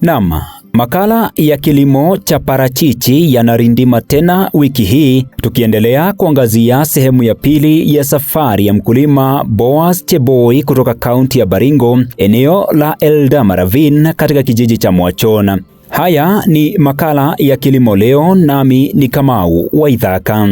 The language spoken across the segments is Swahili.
Nama, makala ya kilimo cha parachichi yanarindima tena wiki hii, tukiendelea kuangazia sehemu ya pili ya safari ya mkulima Boaz Cheboi kutoka kaunti ya Baringo, eneo la Eldama Ravine katika kijiji cha Mwachona. Haya ni makala ya kilimo leo, nami ni Kamau wa Ithaka.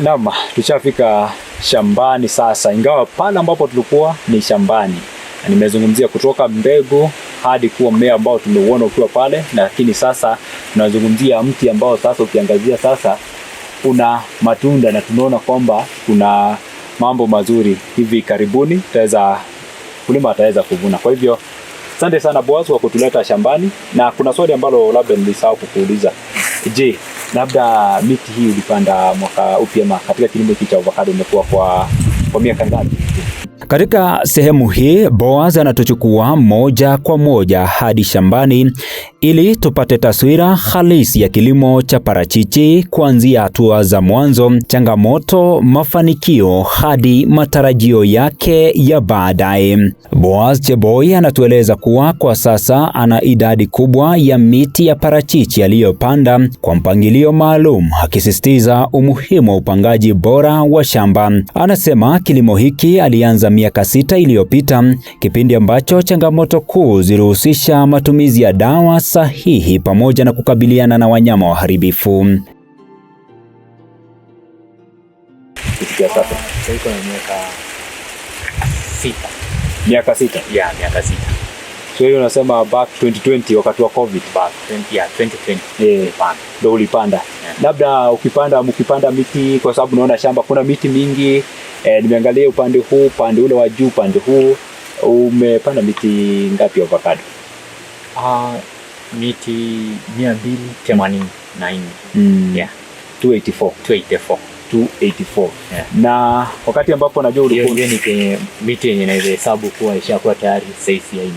Naam, tushafika shambani sasa, ingawa pale ambapo tulikuwa ni shambani. Nimezungumzia kutoka mbegu hadi kuwa mmea ambao tumeuona ukiwa pale, lakini sasa tunazungumzia mti ambao sasa ukiangazia sasa una matunda na tunaona kwamba kuna mambo mazuri hivi karibuni taeza kulima ataweza kuvuna. Kwa hivyo asante sana Boaz kwa kutuleta shambani, na kuna swali ambalo labda nilisahau kukuuliza. Je, labda miti hii ulipanda mwaka upya katika kilimo hiki cha avocado imekuwa kwa, kwa miaka ngapi? Katika sehemu hii Boaz anatuchukua moja kwa moja hadi shambani ili tupate taswira halisi ya kilimo cha parachichi kuanzia hatua za mwanzo, changamoto, mafanikio hadi matarajio yake ya baadaye. Boaz cheboi anatueleza kuwa kwa sasa ana idadi kubwa ya miti ya parachichi aliyopanda kwa mpangilio maalum, akisisitiza umuhimu wa upangaji bora wa shamba. Anasema kilimo hiki alianza miaka sita iliyopita, kipindi ambacho changamoto kuu zilihusisha matumizi ya dawa sahihi pamoja na kukabiliana na wanyama waharibifu. Miaka sita. Yeah, miaka sita. So hiyo unasema back 2020 wakati wa COVID back 20, yeah, 2020. Eh, yeah. Ndio ulipanda. Yeah. Labda ukipanda mkipanda miti kwa sababu naona shamba kuna miti mingi E, nimeangalia upande huu, upande ule wa juu, upande huu. Umepanda miti ngapi avocado? Uh, miti mia mbili themanini na nne. Mm. Yeah. 284. 284. 284. Na wakati ambapo najua ulikuwa ni kwenye miti yenye naweza hesabu kuwa ishakuwa tayari saizi ya hii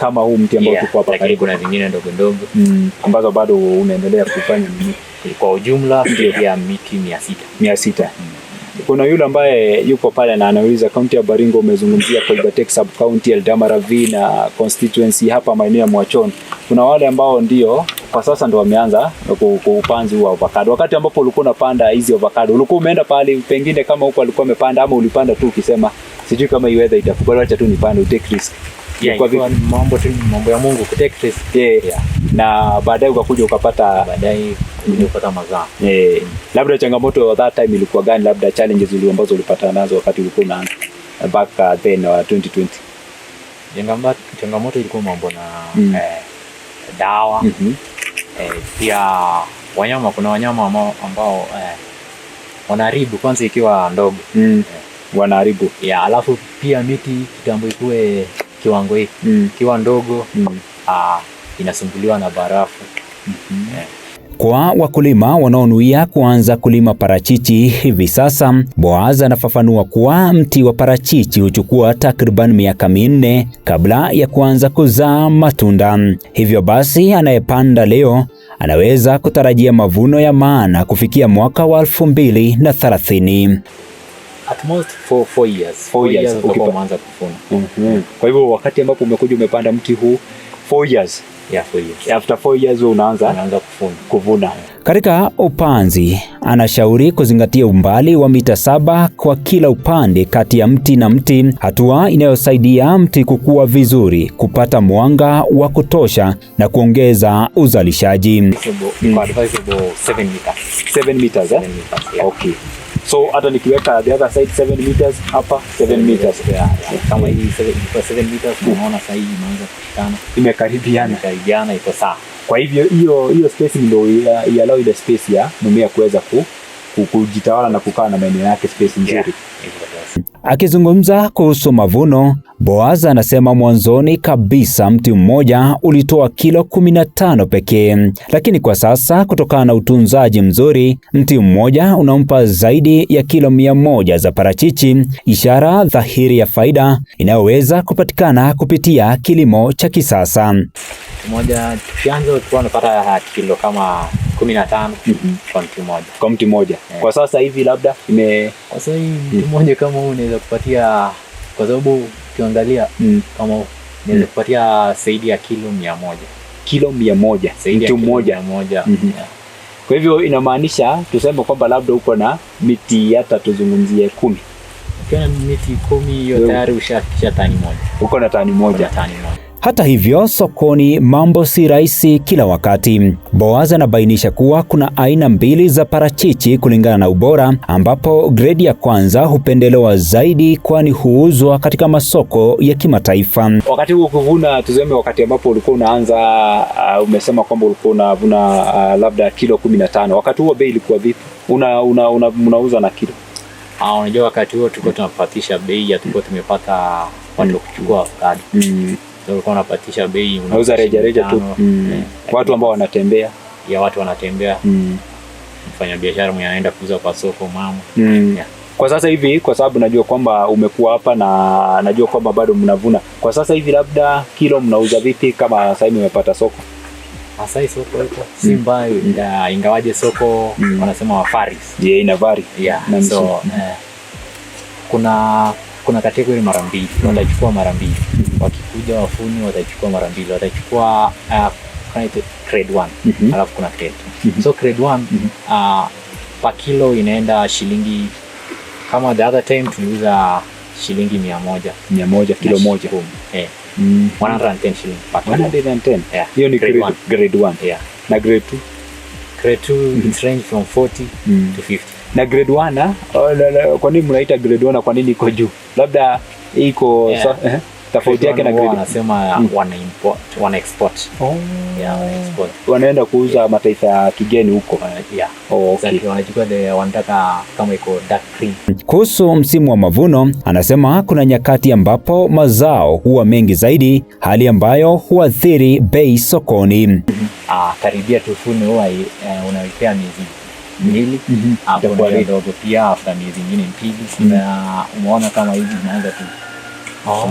kama huu mti ambao yeah, tuko hapa karibu, kuna zingine ndogo ndogo mm, ambazo bado unaendelea kufanya. Kwa ujumla ya miti 600 600 mm kuna yule ambaye yuko pale na anauliza kaunti ya Baringo umezungumzia Kolbatek sub county Eldama na constituency hapa maeneo ya Mwachoni. Kuna wale ambao ndio kwa sasa ndo wameanza kwa upanzi wa avocado. Wakati ambapo ulikuwa unapanda hizi avocado, ulikuwa umeenda pale pengine kama huko alikuwa amepanda ama ulipanda tu ukisema sijui kama hii weather itakubali, acha tu nipande, take risk yeah, mambo tu mambo ya Mungu kutake trace yeah. yeah. na baadaye ukakuja ukapata baadaye kupata mazao yeah. mm. labda changamoto that time ilikuwa gani, labda challenges zile ambazo ulipata nazo wakati ulikuwa unaanza back uh, then wa 2020? Changamoto changamoto ilikuwa mambo na mm. eh, dawa mm -hmm. eh, pia wanyama, kuna wanyama ambao eh, wanaharibu kwanza ikiwa ndogo mm. eh, wanaharibu yeah, alafu pia miti kitambo ikuwe kiwango hii mm. kiwa ndogo mm. aa, ah, inasumbuliwa na barafu mm -hmm. yeah. Kwa wakulima wanaonuia kuanza kulima parachichi hivi sasa, Boaz anafafanua kuwa mti wa parachichi huchukua takriban miaka minne kabla ya kuanza kuzaa matunda. Hivyo basi, anayepanda leo anaweza kutarajia mavuno ya maana kufikia mwaka wa 2030 at most for four years, four years years umeanza kuvuna. Mm-hmm. Kwa hivyo wakati ambapo umekuja umepanda mti huu four years Yeah, four years. After four years unaanza, unaanza kufuna, kuvuna. Katika upanzi anashauri kuzingatia umbali wa mita saba kwa kila upande kati ya mti na mti, hatua inayosaidia mti kukua vizuri, kupata mwanga wa kutosha na kuongeza uzalishaji. Mm. So hata nikiweka the other side 7 meters hapa 7 meters. Yeah, yeah. Kama hii 7 kwa 7 meters mm. unaona sasa hii imeanza kukana Imekaribiana. Imekaribiana iko sawa. Kwa hivyo hiyo hiyo space ndio ya allow the space ya mmea kuweza ku kujitawala na kukaa na maeneo yake space nzuri. Yeah. Akizungumza kuhusu mavuno Boaz anasema mwanzoni kabisa mti mmoja ulitoa kilo 15 pekee, lakini kwa sasa kutokana na utunzaji mzuri, mti mmoja unampa zaidi ya kilo 100 za parachichi, ishara dhahiri ya faida inayoweza kupatikana kupitia kilimo cha kisasa. Moja chanzo tulikuwa tunapata kilo kama 15 mm -hmm. kwa mti mmoja kwa mti mmoja yeah. Kwa sasa hivi labda ime kwa sasa hivi mti mm. mmoja kama huu unaweza kupatia kwa sababu ukiangalia mm. kama nilipatia kupatia zaidi ya kilo mia moja kilo mia moja mtu mmoja moja mm -hmm. yeah. Kwa hivyo inamaanisha tuseme kwamba labda uko na miti hata tuzungumzie kumi ukiwa na miti kumi hiyo tayari usha tani moja uko na tani moja, tani moja. Hata hivyo, sokoni mambo si rahisi kila wakati. Boaz anabainisha kuwa kuna aina mbili za parachichi kulingana na ubora, ambapo gredi ya kwanza hupendelewa zaidi kwani huuzwa katika masoko ya kimataifa. Wakati huu ukivuna, tuseme wakati ambapo ulikuwa unaanza, uh, umesema kwamba ulikuwa unavuna uh, labda kilo kumi na tano, wakati huo bei ilikuwa vipi? una, una, una, una na kilo ah, unajua, wakati huo tulikuwa tunapatisha bei, tulikuwa tumepata watu kuchukua kadi. Mm ulikuwa unapatisha bei, unauza reja reja tu mm. watu ambao wanatembea ya watu wanatembea mm. biashara mwenye anaenda kuuza kwa soko mama mm. Kwa sasa hivi, kwa sababu najua kwamba umekuwa hapa na najua kwamba bado mnavuna kwa sasa hivi, labda kilo mnauza vipi kama sasa hivi umepata soko? Asai soko iko si mm. mbaya mm. mm. ingawaje soko mm. wanasema wafaris yeah, ina vari yeah. so, eh, kuna kuna kategori mara mbili, watachukua mm. mara mbili wakikuja wafuni watachukua mara mbili, watachukua uh, grade mm -hmm. alafu kuna grade mm -hmm. so grade mm -hmm. uh, pa kilo inaenda shilingi kama the other time tuliuza shilingi mia moja mia moja kilo moja eh. mhm. hiyo ni grade yeah na grade grade mm -hmm. it's range from 40 mm. to 50 na grade ah? oh, kwa nini mnaita grade kwa nini iko juu labda iko yeah. so, uh eh? -huh tofauti yake na grade wanasema hmm. wana import wana export oh. yeah, wana export wanaenda kuuza yeah. mataifa ya kigeni huko uh, yeah. oh, okay. Exactly. wanachukua the wanataka kama iko dark green. Kuhusu msimu wa mavuno, anasema kuna nyakati ambapo mazao huwa mengi zaidi, hali ambayo huathiri bei sokoni. mm -hmm. Ah, karibia tufune huwa uh, eh, unawekea miezi mbili mm -hmm. Hapo ndio pia after miezi mingine mbili, mm-hmm. na umeona kama hivi inaanza tu Ah.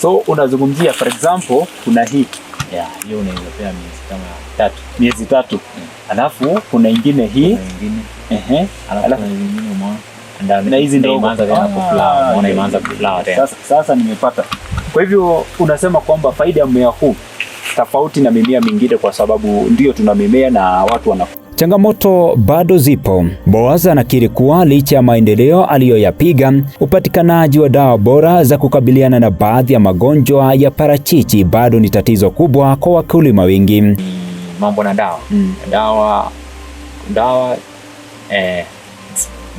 So, unazungumzia for example kuna hii hiyo unaweza pea miezi kama tatu, miezi tatu yeah. Alafu kuna ingine hii na hizi ndogo ah, sasa nimepata. Kwa hivyo unasema kwamba faida ya mmea huu tofauti na mimea mingine, kwa sababu ndio tuna mimea na watu wana Changamoto bado zipo. Boaz anakiri kuwa licha ya maendeleo aliyoyapiga, upatikanaji wa dawa bora za kukabiliana na baadhi ya magonjwa ya parachichi bado ni tatizo kubwa kwa wakulima wengi. Mambo na dawa mm. dawa dawa eh,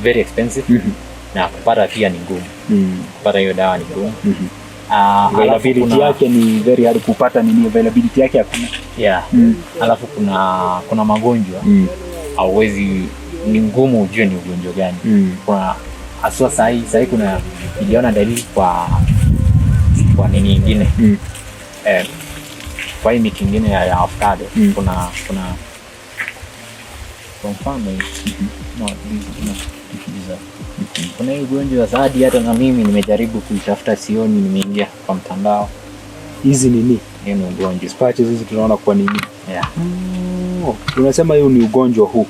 very expensive mm -hmm. na kupata pia ni ngumu mm. kupata hiyo dawa ni ngumu mm -hmm. Ah, availability yake ni very hard kupata nini, availability yake hakuna. Yeah. Mm. Alafu kuna kuna magonjwa mm. ni ngumu ujue ni ugonjwa gani mm. kuna haswa sahi sahi kuna iliona dalili kwa kwa nini nyingine mm. eh, kwa hii miti ingine ya, ya avocado mm. kuna kuna kwa mfano no, no, no, kuna hii ugonjwa zaidi, hata na mimi nimejaribu kuitafuta, sioni. Nimeingia kwa mtandao, hizi nini, hiyo ni ugonjwa patches hizi tunaona kwa nini, yeah. mm. Unasema hiyo ni ugonjwa huu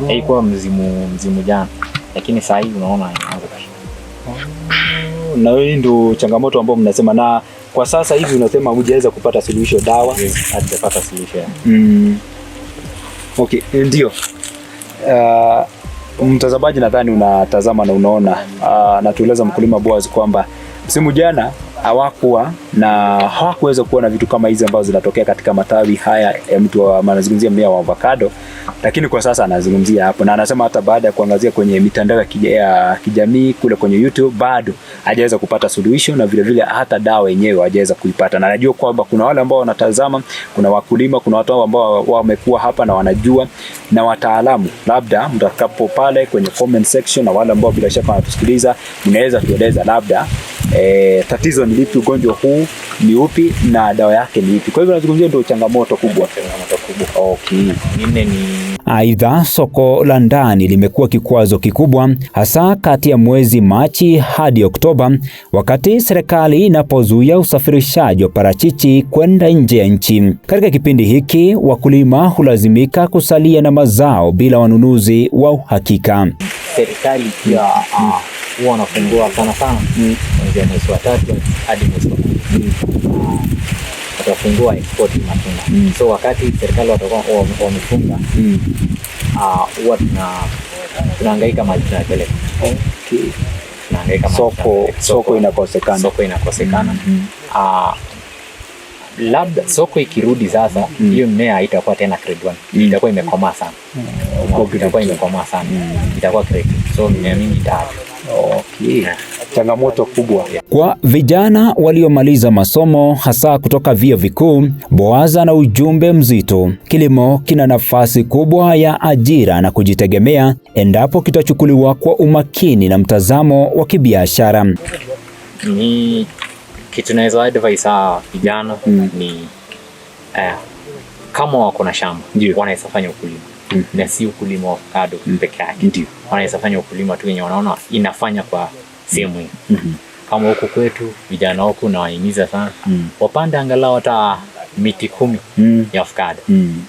mm. kwa mzimu mzimu jana, lakini sasa hivi unaona inaanza Oh. na hii ndio changamoto ambayo mnasema, na kwa sasa hivi unasema hujaweza kupata suluhisho dawa? Yes, hajapata suluhisho mm. Okay, ndio uh, mtazamaji nadhani unatazama na unaona, anatueleza ah, mkulima Boaz kwamba msimu jana hawakuwa na hawakuweza kuona vitu kama hizi ambazo zinatokea katika matawi haya ya mtu wa anazungumzia mmea wa avocado, lakini kwa sasa anazungumzia hapo, na anasema hata baada ya kuangazia kwenye mitandao ya kijamii kule kwenye YouTube bado hajaweza kupata suluhisho, na vile vile hata dawa yenyewe hajaweza kuipata. Na najua kwamba kuna wale ambao wanatazama, kuna wakulima, kuna watu ambao wamekuwa hapa na wanajua na wataalamu, labda mtakapo pale kwenye comment section, na wale ambao bila shaka wanatusikiliza, mnaweza tueleza labda e, tatizo ni lipi, ugonjwa huu ni upi na dawa yake ni ipi. Kwa hivyo nazungumzia ndio changamoto kubwa, changamoto kubwa. Okay. Nyingine ni aidha, soko la ndani limekuwa kikwazo kikubwa hasa kati ya mwezi Machi hadi Oktoba, wakati serikali inapozuia usafirishaji wa parachichi kwenda nje ya nchi. Katika kipindi hiki, wakulima hulazimika kusalia na mazao bila wanunuzi wa uhakika. Serikali ya uh, huwa wanafungua sana sana kuanzia mwezi wa tatu hadi mwezi wa kumi ah, watafungua export matunda mm. So wakati serikali watakuwa wamefunga mm. ah, huwa tunaangaika mali tunapeleka soko, soko inakosekana, soko inakosekana. Mm. Uh, labda soko ikirudi sasa, mm. hiyo mm. mmea itakuwa tena grade 1 mm. itakuwa imekomaa sana mm. Okay. itakuwa imekomaa sana mm. itakuwa grade mm. so mmea mingi itaacha. Okay. Changamoto kubwa kwa vijana waliomaliza masomo hasa kutoka vyuo vikuu. Boaza na ujumbe mzito: kilimo kina nafasi kubwa ya ajira na kujitegemea endapo kitachukuliwa kwa umakini na mtazamo wa kibiashara. Ni kitu naweza advise hawa ah, vijana mm. ni eh, kama wako na shamba wanaweza fanya ukulima mm. na si ukulima wa avocado mm. peke yake, wanaweza fanya ukulima tu yenye wanaona inafanya kwa sehemu hii mm -hmm. kama huku kwetu vijana huku nawahimiza sana mm. wapande angalau hata miti kumi mm. ya avocado mm.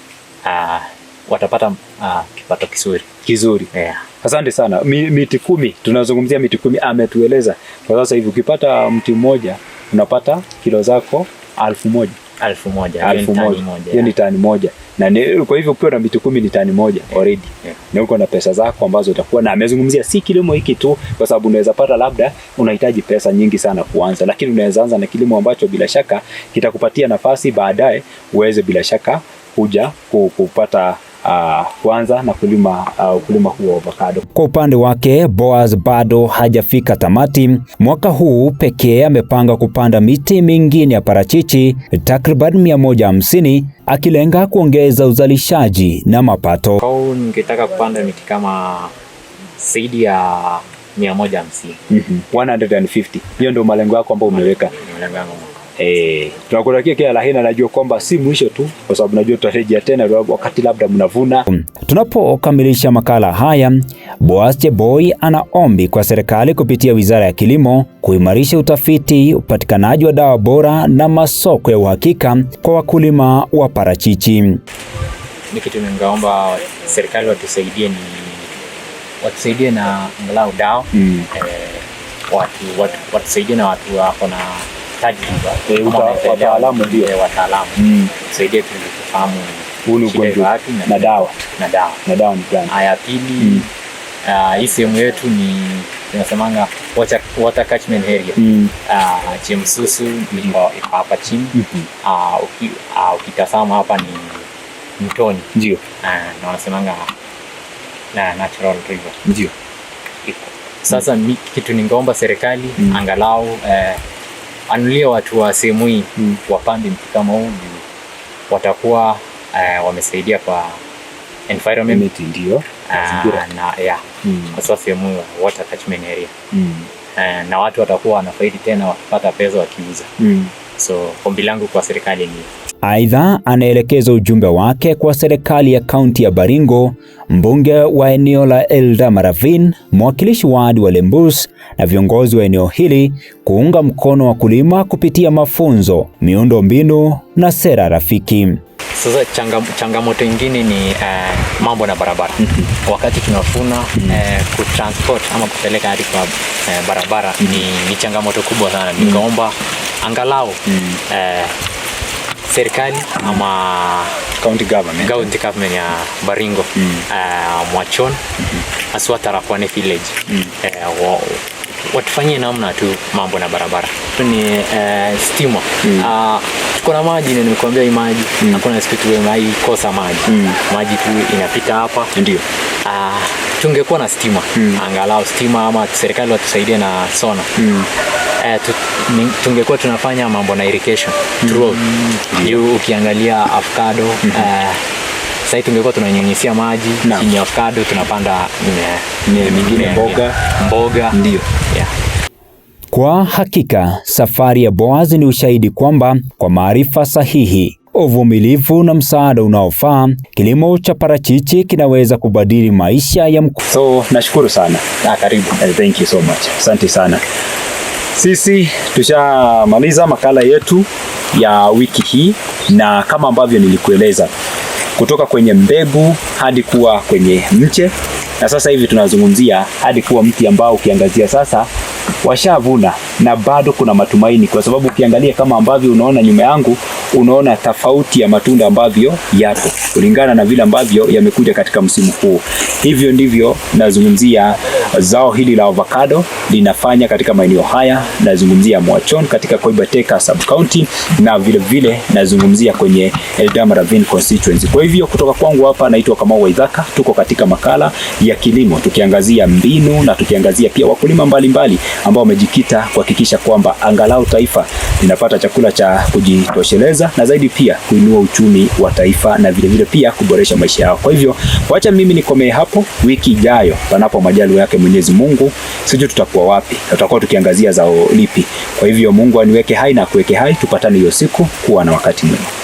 uh, watapata uh, kipato kizuri kizuri yeah. Asante sana. Miti kumi, tunazungumzia miti kumi, ametueleza kwa sasa hivi ukipata mti mmoja unapata kilo zako alfu moja alfu moja alfu moja hiyo ni tani moja na ni, kwa hivyo ukiwa na mitu kumi ni tani moja already yeah. na uko na pesa zako ambazo utakuwa na. Amezungumzia si kilimo hiki tu, kwa sababu unaweza pata labda unahitaji pesa nyingi sana kuanza, lakini unaweza anza na kilimo ambacho bila shaka kitakupatia nafasi baadaye uweze bila shaka kuja kupata uh, na kulima uh, ukulima uh, huu wa avocado. Kwa upande wake Boaz bado hajafika tamati. Mwaka huu pekee amepanga kupanda miti mingine ya parachichi takriban 150 akilenga kuongeza uzalishaji na mapato. Kwa ningetaka kupanda miti kama zaidi ya 150. Mm -hmm. 150. Hiyo ndio malengo yako ambayo umeweka? Malengo yangu. Eh, tunakutakia kila la heri. Najua kwamba si mwisho tu, kwa sababu najua tutarejea tena wakati labda mnavuna. Mm. Tunapokamilisha makala haya, Boaz Cheboy ana ombi kwa serikali kupitia Wizara ya Kilimo kuimarisha utafiti, upatikanaji wa dawa bora na masoko ya uhakika kwa wakulima wa parachichi. Ni kitu ningeomba serikali watusaidie, ni watusaidie na angalau dawa mm. Eh, watu, watu, watusaidie na watu wako na tunahitaji eh, wataalamu, ndio wataalamu mm. tusaidie kufahamu huu ugonjwa wapi na dawa na dawa na dawa ni gani. Haya, pili, mm. ah, hii sehemu yetu ni tunasemanga water, water catchment area mm. Uh, Chemsusu iko hapa chini mm -hmm. Uh, uki, uh, ukitazama hapa ni mtoni ndio, uh, na wanasemanga na natural river ndio sasa. mm. Mi, kitu ningeomba serikali mm. angalau uh, anulia watu wa sehemu hii mm. wapande mti kama huu watakuwa uh, wamesaidia kwa environment ndio ah, na ya hmm. hasa sehemu water catchment area mm. uh, na watu watakuwa wanafaidi tena wakipata pesa wakiuza mm. so ombi langu kwa serikali ni Aidha, anaelekeza ujumbe wake kwa serikali ya kaunti ya Baringo, mbunge wa eneo la Elda Maravin, mwakilishi wadi wa Lembus na viongozi wa eneo hili kuunga mkono wakulima kupitia mafunzo, miundo mbinu na sera rafiki. Sasa changa, changamoto ingine ni eh, mambo na barabara mm -hmm. Wakati tunafuna mm -hmm. eh, kutransport ama kupeleka hadi kwa eh, barabara mm -hmm. ni, ni changamoto kubwa sana nikaomba mm -hmm. angalau mm -hmm. eh, serikali ama county government, county government ya Baringo mm. uh, Mwachon mm -hmm. aswa Tarakwane village mm. uh, watufanyie namna tu mambo na barabara ni uh, stima mm. uh, tuko na maji ni nimekuambia hii maji mm. hakuna siku tuwe maikosa maji mm. maji tu inapita hapa ndio Ah, tungekuwa na stima mm. angalau stima ama serikali watusaidie na sona mm. eh, tu, tungekuwa tunafanya mambo na irrigation throughout mm. ukiangalia avocado mm -hmm. eh, sahii tungekuwa tunanyunyisia maji no. chini ya avocado tunapanda mingine mboga, mboga. Ndio. Yeah. Kwa hakika safari ya Boaz ni ushahidi kwamba kwa maarifa sahihi uvumilivu na msaada unaofaa, kilimo cha parachichi kinaweza kubadili maisha ya mku. So, nashukuru sana. Na ah, karibu. And eh, thank you so much. Asante sana. Sisi tushamaliza makala yetu ya wiki hii na kama ambavyo nilikueleza kutoka kwenye mbegu hadi kuwa kwenye mche, na sasa hivi tunazungumzia hadi kuwa mti ambao ukiangazia sasa washavuna na bado kuna matumaini, kwa sababu ukiangalia kama ambavyo unaona nyuma yangu unaona tofauti ya matunda ambavyo yapo kulingana na vile ambavyo yamekuja katika msimu huu. Hivyo ndivyo nazungumzia zao hili la avocado linafanya katika maeneo haya, nazungumzia Mwachon katika Koibateka sub-county na vile vile nazungumzia kwenye Eldama Ravine constituency. Kwa hivyo kutoka kwangu hapa naitwa Kamau Waidhaka, tuko katika makala ya kilimo tukiangazia mbinu na tukiangazia pia wakulima mbalimbali ambao wamejikita kuhakikisha kwamba angalau taifa linapata chakula cha kujitosheleza kujifunza na zaidi pia kuinua uchumi wa taifa na vilevile vile pia kuboresha maisha yao. Kwa hivyo wacha mimi nikomee hapo. Wiki ijayo, panapo majaliwa yake Mwenyezi Mungu, sijui tutakuwa wapi na tutakuwa tukiangazia zao lipi. Kwa hivyo Mungu aniweke hai na akuweke hai, tupatane hiyo siku. Kuwa na wakati mwema.